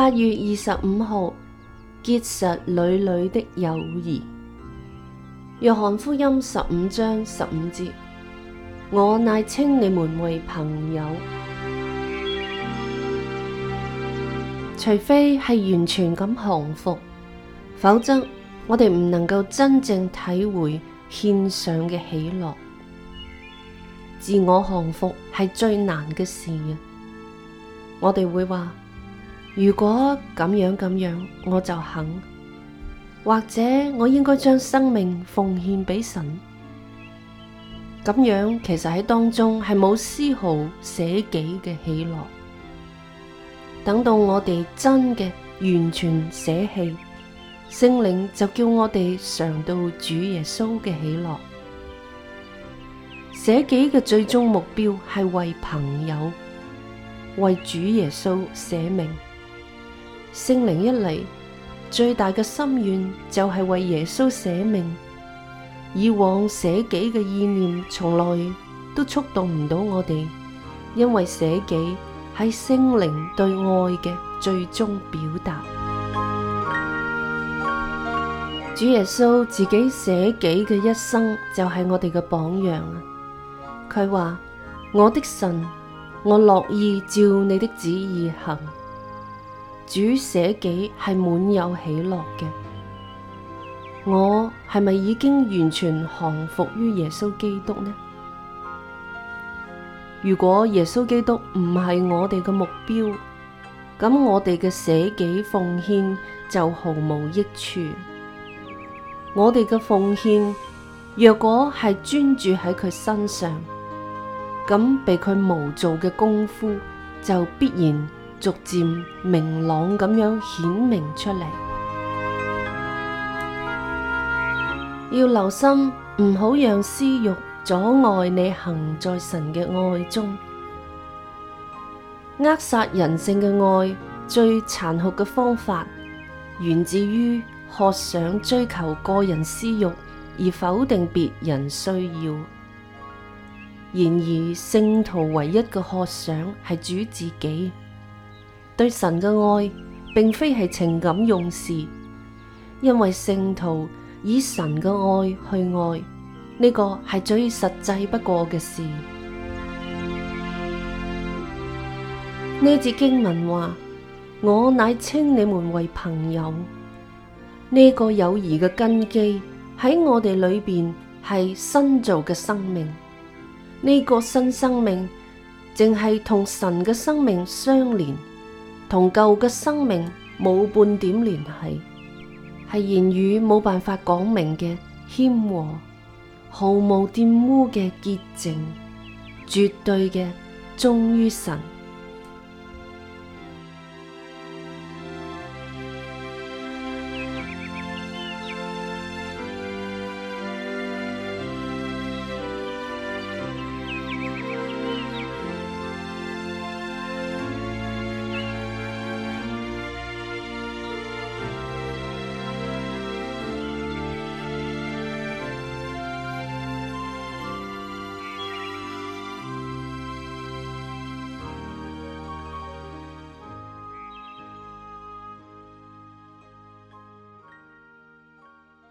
八月二十五號，結實纍纍的友誼。約翰福音十五章十五節：我乃稱你們為朋友，除非係完全咁降服，否則我哋唔能夠真正體會獻上嘅喜樂。自我降服係最難嘅事啊！我哋會話。如果咁樣咁樣，我就肯；或者我應該將生命奉獻俾神。咁樣其實喺當中係冇絲毫捨己嘅喜樂。等到我哋真嘅完全捨棄，聖靈就叫我哋嘗到主耶穌嘅喜樂。捨己嘅最終目標係為朋友，為主耶穌捨命。聖靈一嚟，最大嘅心願就係為耶穌捨命。以往捨己嘅意念從來都觸動唔到我哋，因為捨己係聖靈對愛嘅最終表達。主耶穌自己捨己嘅一生就係我哋嘅榜樣。佢話：我的神，我樂意照你的旨意行。主捨己係滿有喜樂嘅，我係咪已經完全降服於耶穌基督呢？如果耶穌基督唔係我哋嘅目標，咁我哋嘅捨己奉獻就毫無益處。我哋嘅奉獻若果係專注喺佢身上，咁被佢模造嘅功夫就必然。逐漸明朗咁樣顯明出嚟，要留心唔好讓私欲阻礙你行在神嘅愛中，扼殺人性嘅愛最殘酷嘅方法，源自於渴想追求個人私欲而否定別人需要。然而，聖徒唯一嘅渴想係主自己。對神嘅愛，並非係情感用事，因為聖徒以神嘅愛去愛，呢個係最實際不過嘅事。呢節經文話：我乃稱你們為朋友。呢個友誼嘅根基喺我哋裏面，係新造嘅生命，呢個新生命淨係同神嘅生命相連。同舊嘅生命冇半點聯繫，係言語冇辦法講明嘅謙和，毫無玷污嘅潔淨，絕對嘅忠於神。